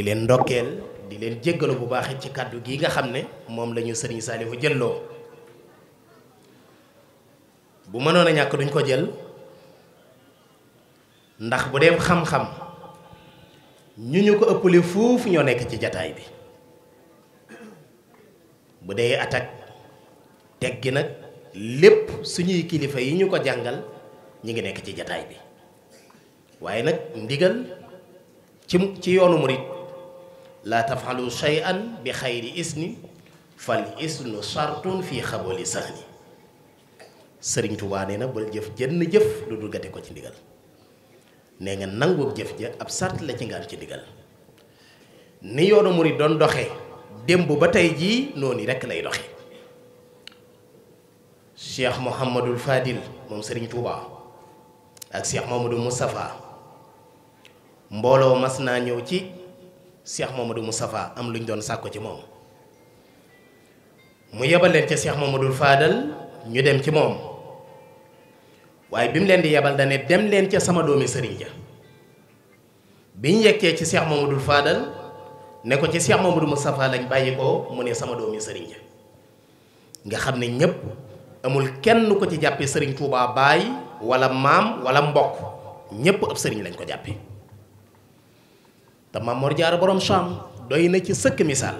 di leen ndokkeel di leen jéggalu bu baax ci kàddu gi nga xam ne moom la ñu sëriñ Saalihu jëlloo bu mënoon a ñàkk duñ ko jël ndax bu dee xam-xam ñu ñu ko ëpp li foofu ñoo nekk ci jataay bi bu dee attaque teg gi nag lépp suñuy kilifa yi ñu ko jàngal ñi ngi nekk ci jataay bi waaye nag ndigal ci ci yoonu murit laa tafalu shay'an bi xayri isni fal isnu shartun fii xaboli sahni sëriñ Tuubaa nee na bul jëf jën jëf lu duggate ko ci ndigal ne nga nangu jëf ja ab sart la ci nga am ci ndigal ni yoonu murid doon doxe démb ba tey jii noonu rekk lay doxe cheikh Mouhamadul Fadil moom sëriñ Tuubaa ak cheikh Mamadou Moustapha mbooloo mas naa ñëw ci Cheikh Mamadou Moustapha am lu ñu doon sàkku ci moom mu yebal leen ca Cheikh Mamadou faadal ñu dem ci moom waaye bi mu leen di yebal dane dem leen ca sama doomi sëriñ ja biñ yekkee ci Cheikh Mamadou Fadal ne ko ci Cheikh Mamadou Moustapha lañ bàyyi ko mu ne sama doomi sëriñ ja nga xam ne ñépp amul kenn ko ci jàppe sëriñ Touba baay wala maam wala mbokk ñépp ab sëriñ lañ ko jàppe te Maam Mor Jaara Saam doy na ci sëkk misaal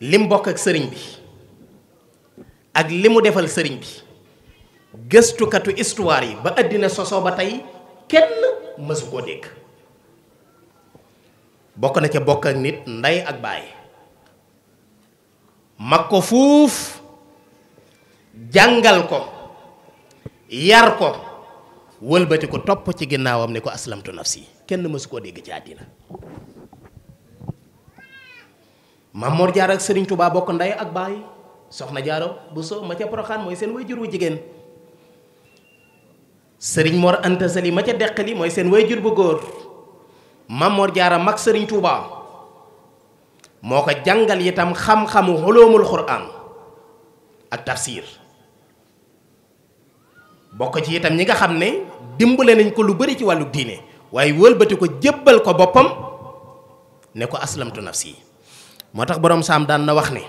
lim bokk ak sëriñ bi ak li mu defal sëriñ bi gëstukatu histoire yi ba àddina sosoo ba tey kenn mësu koo dégg bokk na ca bokk ak nit ndey ak baay mag ko fuuf jàngal ko yar ko wëlbati ko topp ci ginnaawam ni ko aslamtu nafsi kenn mësu koo dégg ci àddina Mamor jaar ak Serigne Touba bok nday ak baay soxna jaaro bu so ma ca proxan moy sen wayjur wu jigen Serigne Mor Anta Sali ma ca dekkali moy sen wayjur bu Mamor Jaara mak Serigne Touba moko jangal yitam xam-xamu Qur'an ak tafsir bokk ci itam ñi nga xamne dimbalé nañ ko lu bari ci walu diiné waye wëlbati ko jébbal ko boppam ne ko aslamtu nafsi moo tax boroom saam daan na wax ne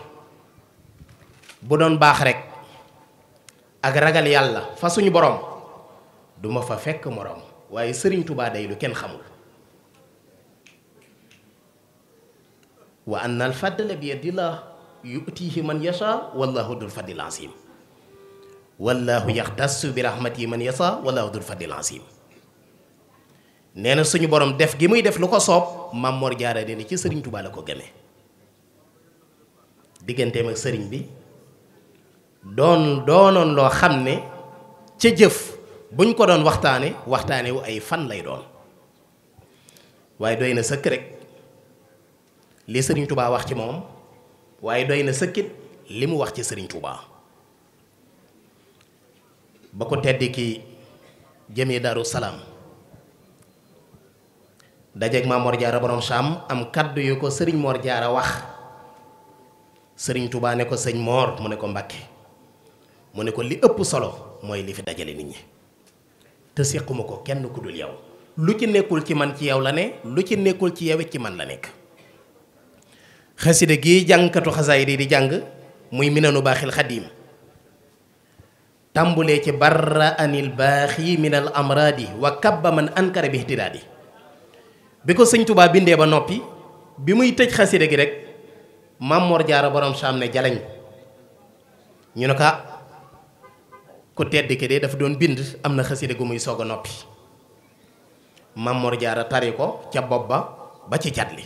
bu doon baax rek ak ragal yàlla fa suñu boroom duma fa fekk morom waaye sëriñ tubaa day lu kenn xamul wa anna al fadla bi yadillah yu'tihi man yasha wallahu dul fadlil azim wallahu yaxtassu bi rahmatihi man yasha wallahu dul fadlil azim nee na suñu borom def gi muy def lu ko soob Maam Mor Jaara nee ci sëriñ Tuubaa la ko gëmee digganteem ak sëriñ bi doon doonoon loo xam ne ca jëf buñ ko doon waxtaane waxtaane ay fan lay doon waaye doy na sëkk rek li sëriñ Tuubaa wax ci moom waaye doy na sëkkit li mu wax ci sëriñ Tuubaa ba ko tedd ki jëmee Daaru Salaam Dajek ma Mor Jaara borom am kaddu yu ko serigne Mor Jaara wax serigne touba ne ko serigne Mor mu ne ko Mbàkke mu ne ko li ëpp solo moy li fi dajale nit ñi te séquma ko kenn ku dul yaw lu ci nekkul ci man ci yaw la ne lu ci nekkul ci yaw ci man la nek xasida gi jàngkatu xasaay di di muy minanu bakhil khadim ci barra anil min minal amradi wa kabba man ankara bi bi ko sëñ Touba bindee ba noppi bi muy tëj xasida gi rek Maam Mor Jaara boroom saam ne jalañ ñu ne ko ah, ku tedd ki de dafa doon bind am na xasida gu muy soog a noppi Maam jaar a tari ko ca bopp ba ba ci cat li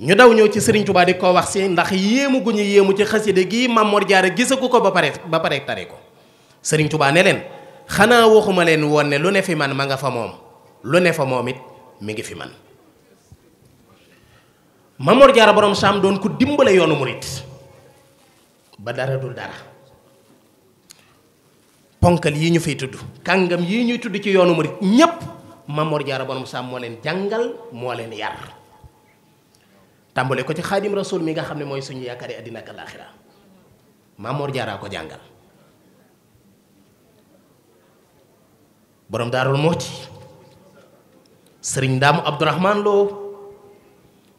ñu daw ñëw ci sëriñ Touba di ko wax si ndax yéemu gu ñu yéemu ci xasida gi Maam jaar Jaara gisagu ko ba pare ba pare tari ko sëriñ Touba ne leen xanaa waxuma leen woon ne lu ne fi man ma nga fa moom lu ne fa moom it mi ngi fi man Mamor Jaara borom saam doon ku dimbale yoonu murit ba dara dul dara ponkal yi ñu fi tudd kàngam yi ñuy tudd ci yoonu murit ñépp Mamor Jaara borom saam moo leen jàngal moo leen yar tàmbale ko ci xaadim rasul mi nga xam ne mooy suñu yaakaari àddina ak alaaxira Mamor Jaara ko jàngal borom daarul mooti sëriñ Daamu Abdourahman Lo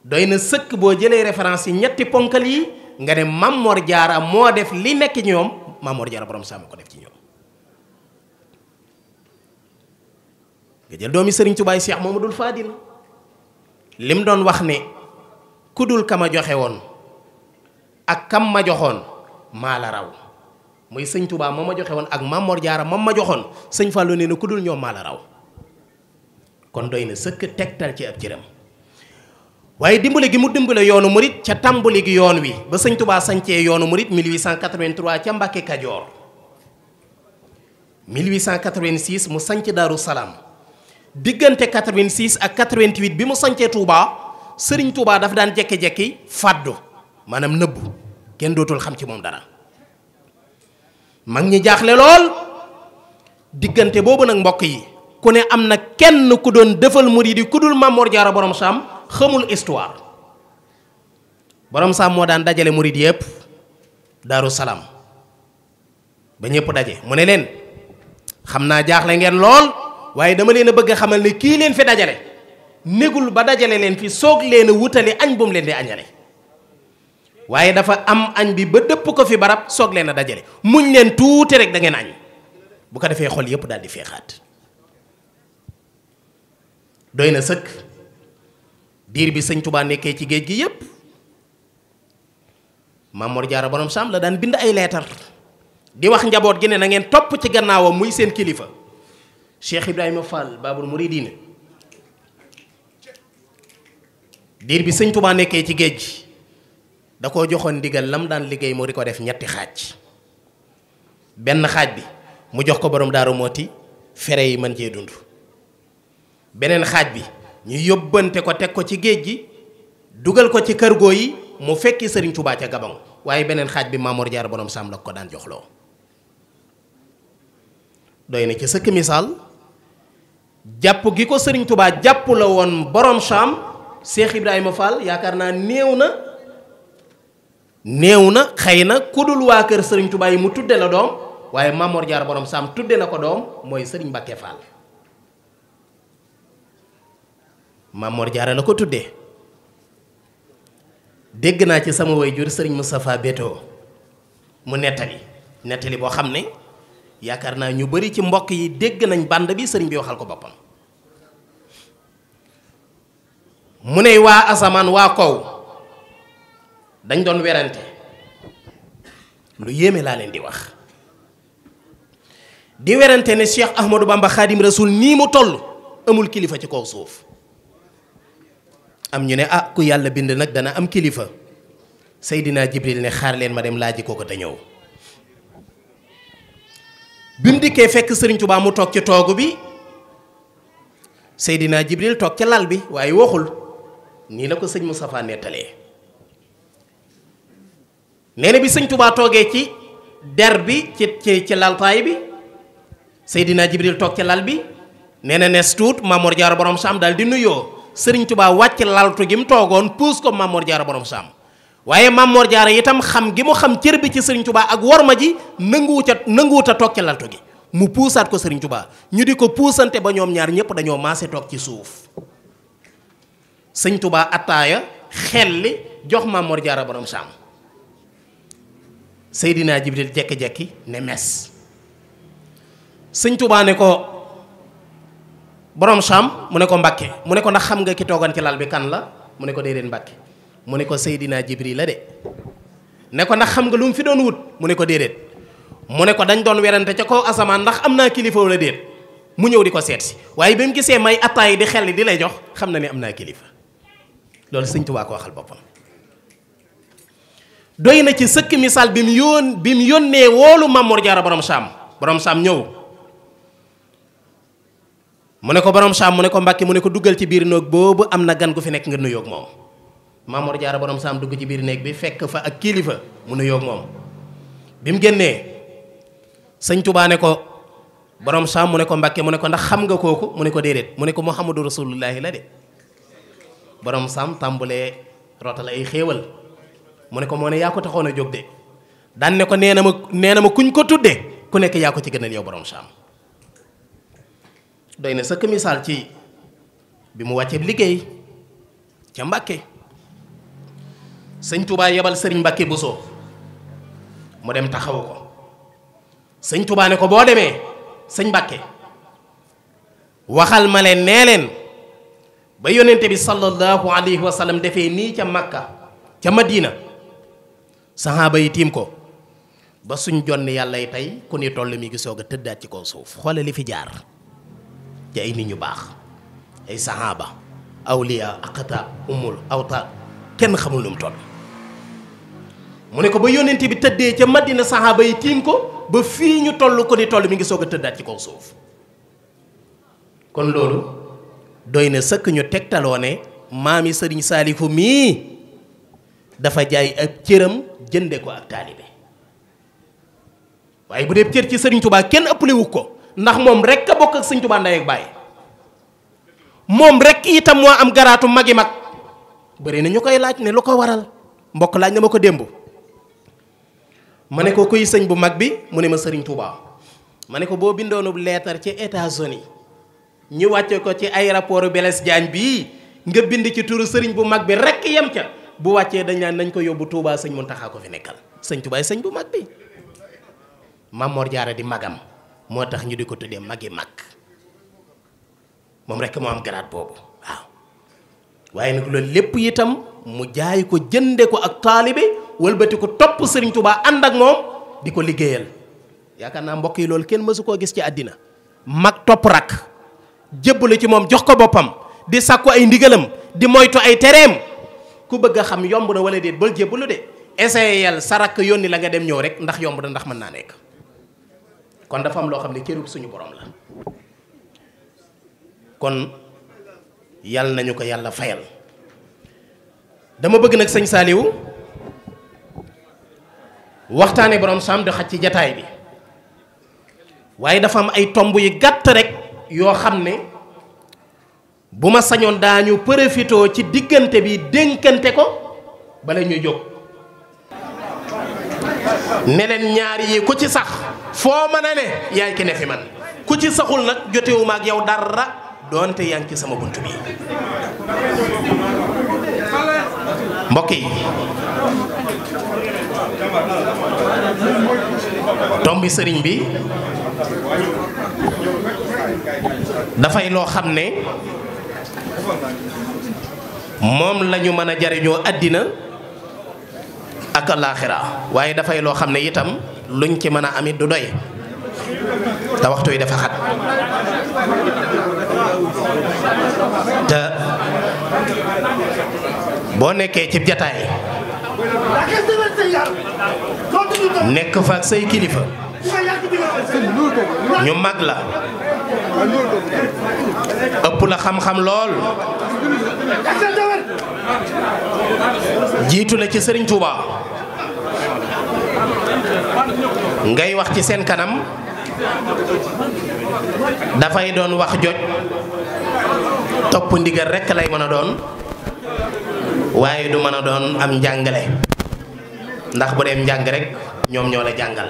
doy na sëkk boo jëlee référence yi ñetti ponkal yi nga ne Mamor Jaara moo def li nekk ñoom Mamor Jaara borom sàmm ko def ci ñoom nga jël doomi sëriñ Tubaay Cheikh Mamadul Fadil lim doon wax ne ku dul ka ma joxe woon ak kam ma joxoon maa la raw muy sëñ Tubaa ma ma joxe woon ak Mamor Jaara ma ma joxoon sëñ Fallou nee na ku dul ñoom maa la raw kon doy na sëkk tegtal ci ab cëram waaye dimbale gi mu dimbale yoonu murit ca tàmbali gi yoon wi ba sëñ Tubaa sañcee yoonu murit 1883 ca Mbàkke Kajoor 1886 mu sanc Daaru Salaam diggante 86 ak 88 bi mu sañcee Touba sëriñ Touba dafa daan jékki-jékki fàddu maanaam nëbbu kenn dootul xam ci moom dara mag ñi jaaxle lool diggante boobu nag mbokk yi ku ne am na kenn ku doon defal murid ku dul Mamor Jaara borom sam xamul histoire borom sam mo daan dajale murid yépp daru salam ba ñëpp dajé mu ne leen xamna naa jaaxle ngeen lool waye dama leen bëgg xamal ni ki leen fi dajale negul ba dajale leen fi sok leen wutale añ bu mu leen di añale waye dafa am añ bi ba depp ko fi barab sok leen dajale muñ leen tuuti rek da ngeen añ bu ko defé xol yépp daal di fexat doy na sëkk diir bi sëñ Touba nekkee ci géej gi yépp Mamor Jaara borom saam la daan bind ay leetar di wax njaboot gi ne na ngeen topp ci gannaawam muy seen kilifa Cheikh Ibrahima Fall Baabul Muridiin diir bi sëñ Touba nekkee ci géej gi da koo joxoon ndigal lam daan liggéey moo di ko def ñetti xaaj benn xaaj bi mu jox ko borom daaru mooti fere yi mën cee dund beneen xaaj bi ñu yóbbante ko teg ko ci géej gi dugal ko ci kërgoo yi mu fekki sëriñ Tuubaa ca Gabon waaye beneen xaaj bi Maamoor Jaara borom Saam la ko daan joxloo doy na ci sëkk misaal jàpp gi ko sëriñ Tuubaa jàpp la woon boroom Saam Cheikh Ibrahima Fall yaakaar naa néew na néew na xëy na ku dul waa kër sëriñ Tuubaa yi mu tudde la doom waaye Maamoor jaar borom Saam tudde na ko doom mooy sëriñ Mbàkke Fall Mamor Diarra la ko tuddee dégg naa ci sama waajur sëriñ Moustapha Beto mu nettali nettali boo xam ne yaakaar naa ñu bari ci mbokk yi dégg nañ bànd bi sëriñ bi waxal ko boppam mu ne waa asamaan waa kow dañ doon werante lu yéeme laa leen di wax di werante ne Cheikh Ahmadou Bamba Khadim Rasoul nii mu toll amul kilifa ci kaw suuf am ñu ne ah ku yàlla bind nag dana am kilifa Seydina Jibril ne xaar leen ma dem laaji ko ko te ñëw bi mu dikkee fekk Sëriñ Tuubaa mu toog ci toogu bi Seydina Jibril toog ci lal bi waaye waxul nii la ko sëñ Moustapha nettalee nee bi sëñ toogee ci der bi ci ci ci laltaay bi Seydina Jibril toog ci lal bi nee na nes tuut jaar Jaara borom saam daal di nuyoo sëriñ tubaa wàcc laltu gi mu toogoon puus ko Mamor Diarra borom saam waaye Mamor Diarra itam xam gi mu xam cër bi ci sëriñ tubaa ak ma ji nanguwut a nanguwut a toog ci laltu gi mu puusaat ko sëriñ tubaa ñu di ko puusante ba ñoom ñaar ñëpp dañoo maase toog ci suuf sëriñ tubaa attaaya xelli jox Mamor jaara borom saam Seydina Jibril jekki-jekki ne mes sëriñ tubaa ne ko borom saam mu ne ko Mbàkke mu ne ko ndax xam nga ki toogan ci lal bi kan la mu ne ko déedéet Mbàkke mu ne ko Seydina Jibril la de ne ko ndax xam nga lu mu fi doon wut mu ne ko déedéet mu ne ko dañ doon werante ca kaw asamaan ndax am naa kilifa wala déet mu ñëw di ko seet si waaye bi mu gisee may attaay di xel di lay jox xam na ne am naa kilifa loolu sëñ Tuubaa ko waxal boppam. doy na ci sëkk misaal bi mu yóon bi mu yónnee woolu Mamour Jaara borom saam borom saam ñëw. mu ne ko borom saam mu ne ko mbàkke mu ne ko duggal ci biir néeg boobu am na gan gu fi nekk nga nuyoog moom Maamoor Jaara borom saam dugg ci biir néeg bi fekk fa ak kilifa mu nuyoog moom mu génnee sëñ Tuubaa ne ko borom saam mu ne ko mu ne ko ndax xam nga kooku mu ne ko déedéet mu ne ko Muhammadu Rasulullaahi la de borom saam tàmbulee rootal ay xéewal mu ne ko moo ne yaa ko taxoon a jóg de daan ne ko nee na ma nee na ma kuñ ko tudde ku nekk yaa ko ci gënal yow borom saam doy na sëkk misaal ci bi mu wàccee liggéey ca Mbàkke sëñ Touba yebal sëriñ Mbàkke Bousso mu dem taxawu ko sëñ Touba ne ko boo demee sëñ Mbàkke waxal ma leen nee leen ba yonente bi sallallahu alayhi wa sallam defee nii ca Makka ca Madina saxaaba yi tiim ko ba suñ jonn yàlla yi tey ku ni toll mi ngi soog a tëddaat ci kaw suuf xoole li fi jaar ci ay nit ñu baax ay sahaaba awliya aqata umul awta kenn xamul nu mu toll mu ne ko ba yónnent bi tëddee ca madina sahaaba yi tiim ko ba fii ñu toll ko ni toll mi ngi soog a tëddaat ci kaw suuf kon loolu doy na sëkk ñu tegtaloo ne yi sëriñ saalifu mii dafa jaay ak cëram jënde ko ak taalibe waaye bu dee cër ci sëriñ tubaa kenn ëppale wu ko ndax mom rek ka bokk ak seigne Tuubaa ndey ak bàyyi moom rek itam mo am garatu magi mag bari na ñukay laaj ne lu waral mbokk laaj na mako dembu mané ko kuy seigne bu mag bi mu ne ma seigne touba mané ko bo bindono lettre ci États-Unis ñu wàcce ko ci rapport beles Diagne bi nga bind ci touru seigne bu mag bi rek yam ca bu wacce dañ nan nañ ko yobbu Touba seigne Muntaxa ko fi nekkal seigne Touba seigne bu mag bi Mamor Jaara di magam moo tax ñu di ko tuddee magi mag moom rek moo am garaat boobu waaw waaye nag loolu lépp itam mu jaay ko jënde ko ak taalibe wëlbati ko topp sëriñ tubaa ànd ak moom di ko liggéeyal yaakaar naa mbokk yi loolu kenn mësu koo gis ci àddina mag topp rak jébbalu ci moom jox ko boppam di sàkku ay ndigalam di moytu ay tereem ku bëgg a xam yomb na wala déet bal jébbalu de essayé yàlla sa rakk yónni la nga dem ñëw rek ndax yomb na ndax mën naa nekk kon dafa am loo xam ne cërub suñu borom la kon yàlla nañu ko yàlla fayal dama bëgg nag sëñ Saliou waxtaane borom saam di xaj ci jataay bi waaye dafa am ay tomb yu gàtt rek yoo xam ne bu ma sañoon daañu profité ci diggante bi dénkante ko bala ñuy jóg ne leen ñaar yi ku ci sax foo mën a ne yaay ki fi man ku ci saxul nag jotewu ma ak yow dara doonte yaa ci sama bunt bi mbokk yi tombi sëriñ bi dafay loo xam ne moom lañu mën a jariñoo àddina ak alaaxira waaye dafay loo xam ne itam luñ ci mën a amit du doy te waxtu yi dafa xat te boo nekkee ci jataay nekk fa ak say kilifa ñu mag la ëpp la xam-xam lool jiitu la ci Sëriñ Tuubaa ngay wax ci seen kanam dafay doon wax joj topp ndigal rekk lay mën a doon waaye du mën a doon am njàngale ndax bu dee njàng rek ñoom ñoo la jàngal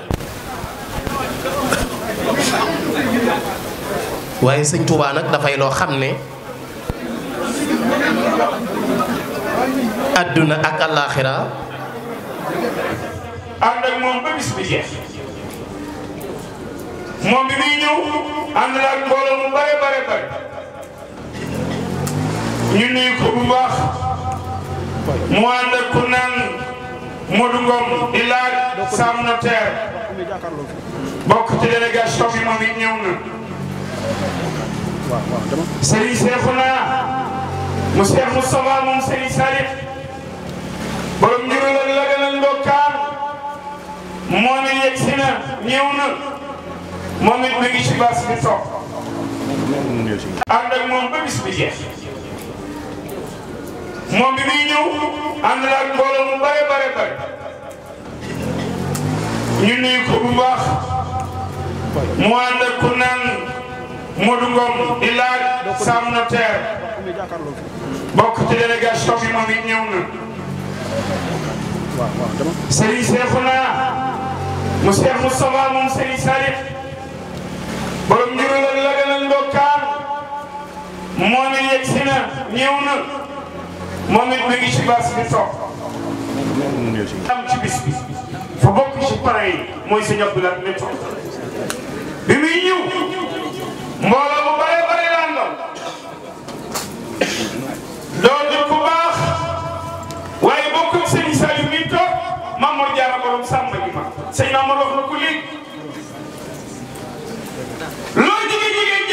waaye sëñ Tuubaa nag dafay loo xam ne àdduna ak àllaaxira moom bi muy ñëw ànd na ak mu bare bare bare ñu nuyu ko bu baax mu ànd ak ku naan Modou Ngom laaj Sam Notaire bokk ci délégation bi moom it ñëw na Serigne Cheikhouna mu Cheikh Moustapha moom Serigne Salif borom njuralal la gënal ndokkaan moo ne yegg si na ñëw na moom it mi ngi ci bas bi toog ànd ak moom ba bis bi moom bi muy ñëw ànd la ak mbooloo mu bare bare bare ñu nuyu ko bu baax mu ànd ak ku naan Modou di laaj Sam Notaire bokk ci délégation bi moom it ñëw na Serigne Cheikhouna mu Cheikh Moustapha moom Serigne borom njuralal la gënal ndokkaan moo ne yegg si na ñëw na moom it mi ngi ci bas bi toog am ci bis bi fa bokk ci pare yi mooy sëñ Abdoulaye mi toog bi muy ñëw mbooloo bu bare bare laan doon doo di ku baax waaye bokk ak sëñ Saliou mi toog Mamour Diarra borom sàmm ji ma sëñ Mamour wax na ko léegi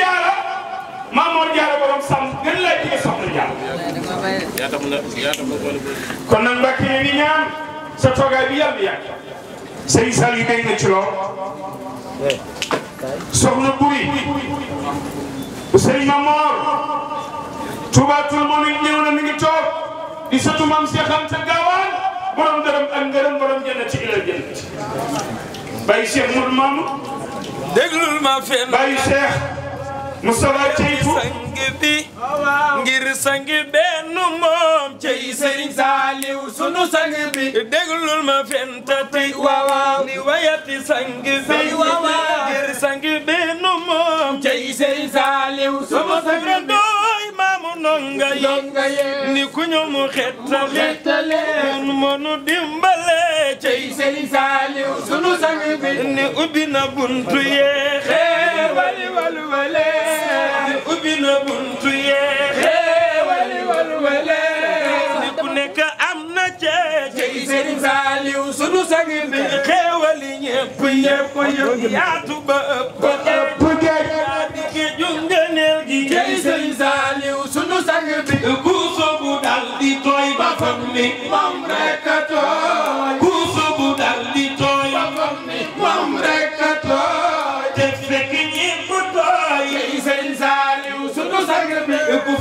jaara maam Mor Jaara borom sàmm gën laa jige soxna jaara kon nag mbàkk yi ñaan sa toogaay bi yàlla yàgg sëriñ Sall yu na ci lool soxna buri bu sëriñ Maam Mor tuubaatul moo nit na mi ngi toog di sëtu maam Cheikh Anta Gaawaan borom dërëm ak ngërëm borom jannati ilal jannati bàyyi Cheikh Mourou Mamadou déglul Moustapha ceytu sang bi ngir sang benn moom cey Serigne Saliw sunu sang bi ma fenta tey ni wayati sang bi ngir sang benn moom cey Serigne Saliw sunu sang ni ubbi na buntu ye xeewali ubbi na buntu yee xéewali walwale ni ku nekk am na cee ci Serigne Saliou sunu sang bi xéewali ñëpp yëpp yëpp yaatu ba ëpp ëpp géej yaa di géeju ngëneel gi ci Serigne sunu sang bi bu soobu di tooy ba fam ni moom rekk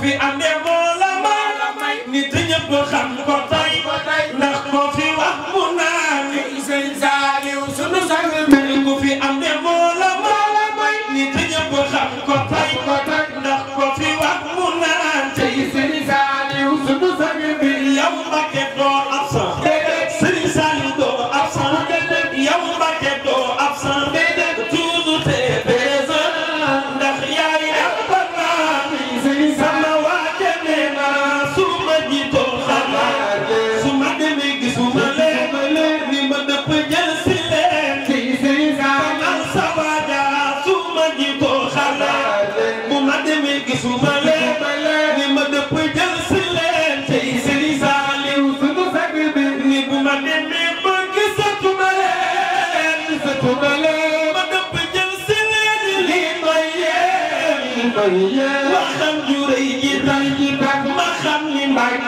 fi amee moo la may nit ñëpp xam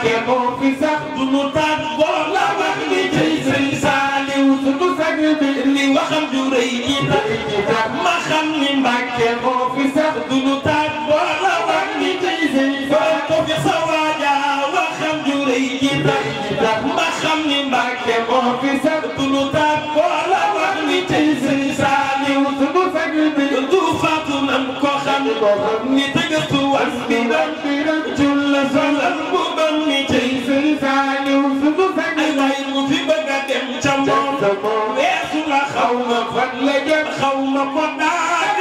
te moo fi sax du nu tàggoo la wax ni jëy sëñ Saaliw sunu sag li waxam ju rëy yi tax ci tax ma xam ni Mbàkke moo fi sax du nu tàggoo la wax ni jëy sëñ Saaliw ko fi sa waaja waxam ju rëy yi tax ci tax ma xam ni Mbàkke moo fi sax du nu tàggoo la wax ni jëy sëñ Saaliw sunu sag du faatu nam ko xam ni tëggatu wan bi la salam bu ban ni cey sëñ Saaliw su mu fekk ay way mu fi bëgg a dem ca moom weesu la xaw ma fan la jëm xaw ma ko daal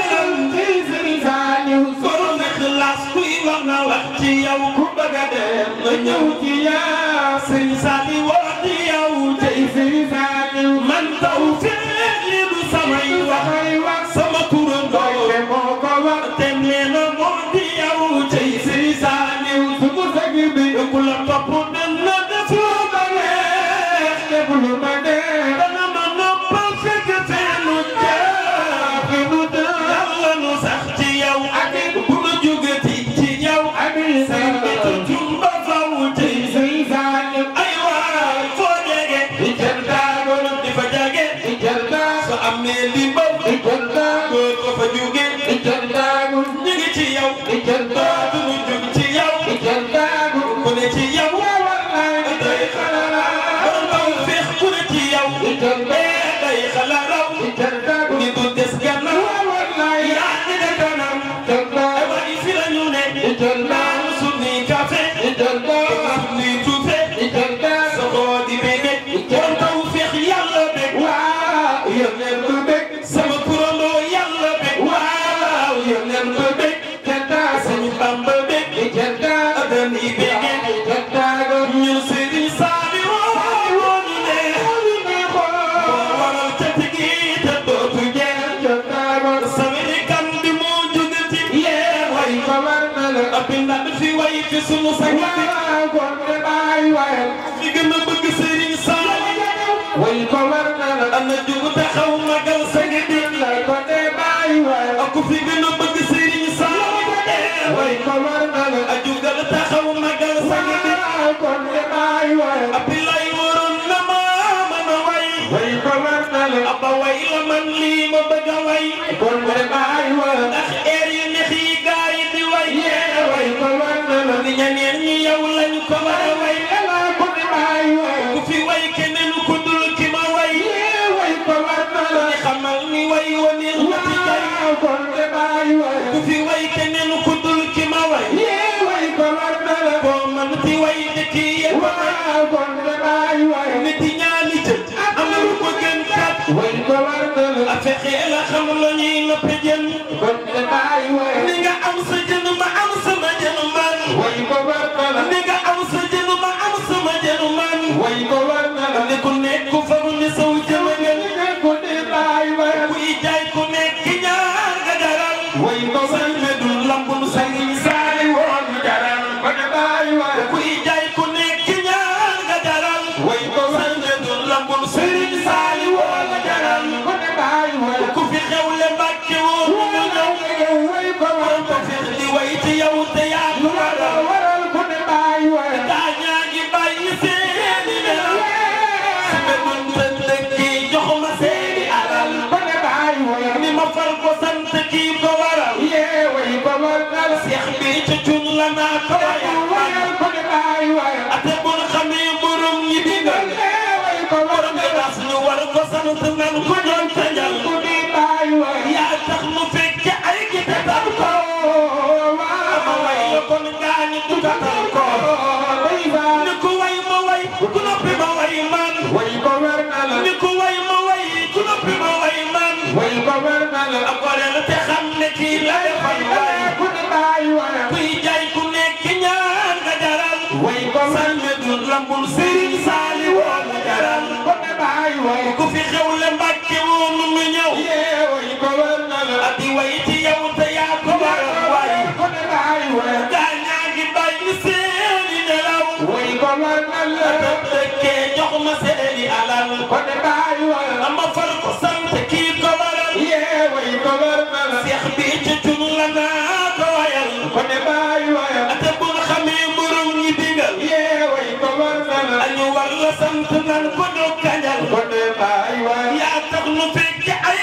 cey sëñ Saaliw borom ixlaas kuy wax na wax ci yow ku bëgg a dem nga ñëw ci yaa sëñ Saaliw sunu sang bi gonte baay waayal li gën a bëgg sëriñ Saaliw way ko war na la ana jugu taxaw magal sang bi la gonte baay waayal ak fi gën a bëgg sëriñ Saaliw way ko war na la a jugal taxaw magal sang bi la gonte baay waayal abilay waroon na ma mën a way way ko war na la aba way la man lii ma bëgg a way gonte baay waayal ndax eer yi neex ko wàndal di ñeneen ñi yow lañu ko war a way ala ko di baay ku fi way keneen ku dul ki ma way way ko wàndal di xamal ni way woni xuti jay ko di baay ma way a ko wàndal ko man ti way di ki ye ko di a fexe la la ñuy noppe ni nga am sa lana tawaya ate bu nu xamee borom yi di nga borom yi daas ñu war ko sant ngal ko doon lambul Serigne Saliou woo mu jaral ko ne baay way ku fi xew la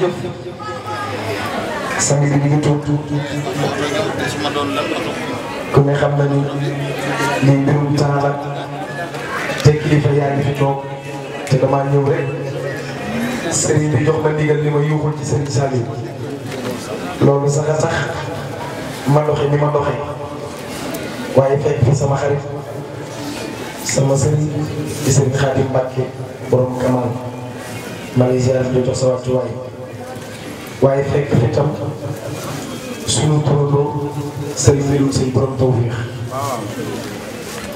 jërëjëf sang bi tuut tuut ku ne xam na ni lii mbirum temps te kilifa yaa ngi fi toog te damaa ñëw rek sëriñ bi jox ma ndigal li ma yuuxul ci sëriñ Saliou loolu sax a tax ma doxe ni ma doxe waaye fekk fi sama xarit sama sëriñ di sëriñ Xaadim Mbàkke borom Kamal ma lay ziar di jox sa wàccuwaay waaye fekk fi tam suñu turandoo sëriñ mbirum sëñ borom tawfiix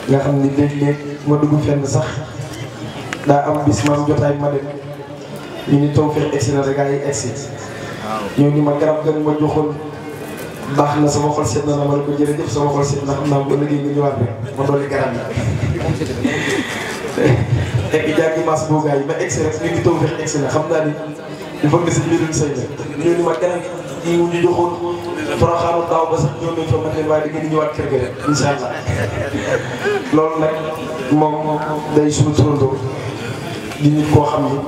nga xam ni léeg-léeg ma dugg fenn sax daa am bis maam jotaay ma dem ñu ni tawfiix egsi na rek ay egsi ñoo ni ma garab gan ma joxoon baax na sama xol seet na na ma ne ko jërëjëf sama xol seet na xam naa ba liggéey nga ñëwaat rek ma dolli garab yi fekk jàngi maas boo gaa yi ma egsi rek ñu ngi tawfiix egsi na xam naa ni dafa gis mbirum sëy la ñu ni ma keneen ñi ñu joxoon proxaamu ba sax ñoom lañ fa matee waaye dangeen ñëwaat kër ga rek incha allah loolu nag moom day suñu turandoo di nit koo xam ne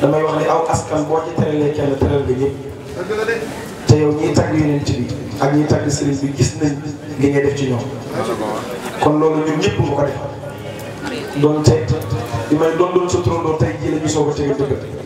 damay wax ni aw askan boo ci teralee kenn teral ga ñëpp te yow ñiy tagg yeneen ci bi ak ñiy tagg sëriñ bi gis nañ li ngay def ci ñoom kon loolu ñun ñëpp mu ko def doon te li may doon doon sa turandoo tey jii ñu soog a tege dëgg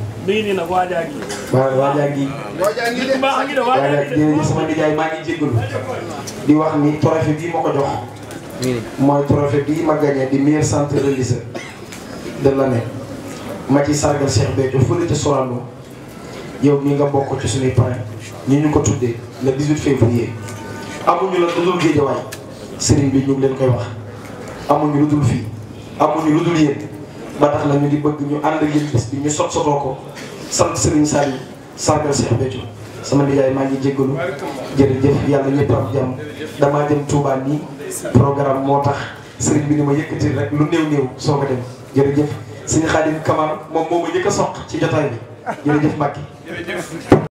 mi ngi nii nag waajaa ngi. waaw waajaa ngi. waajaa ngi de baax ngi de waajaa ngi de sama nijaay maa ngi jégalu. di wax ni trophée bii ma ko jox. mooy trophée bii ma gagné di meilleur centre religieux de l'année. ma ci sargal Cheikh Béthio fële ca Sorano yow mi nga bokk ci suñuy parrain ñi ñu ko tuddee le di février. amuñu la dudul Géejawaay sëriñ ñu ngi koy wax amuñu dul fii amuñu lu dul yéen. ba tax na ñu di bëgg ñu ànd ak yéen bis bi ñu sot sotoo ko sant Serigne Saliou sargal Cheikh Béthio sama nijaay maa ngi jéggalu jërëjëf yàlla ñëpp am jàmm damaa dem Touba nii programme moo tax Serigne bi ni ma yëkkati rek lu néew néew soo ko dem jërëjëf Serigne Khadim Kamar moom moo ma njëkk a soq ci jotaay bi jërëjëf Mbacke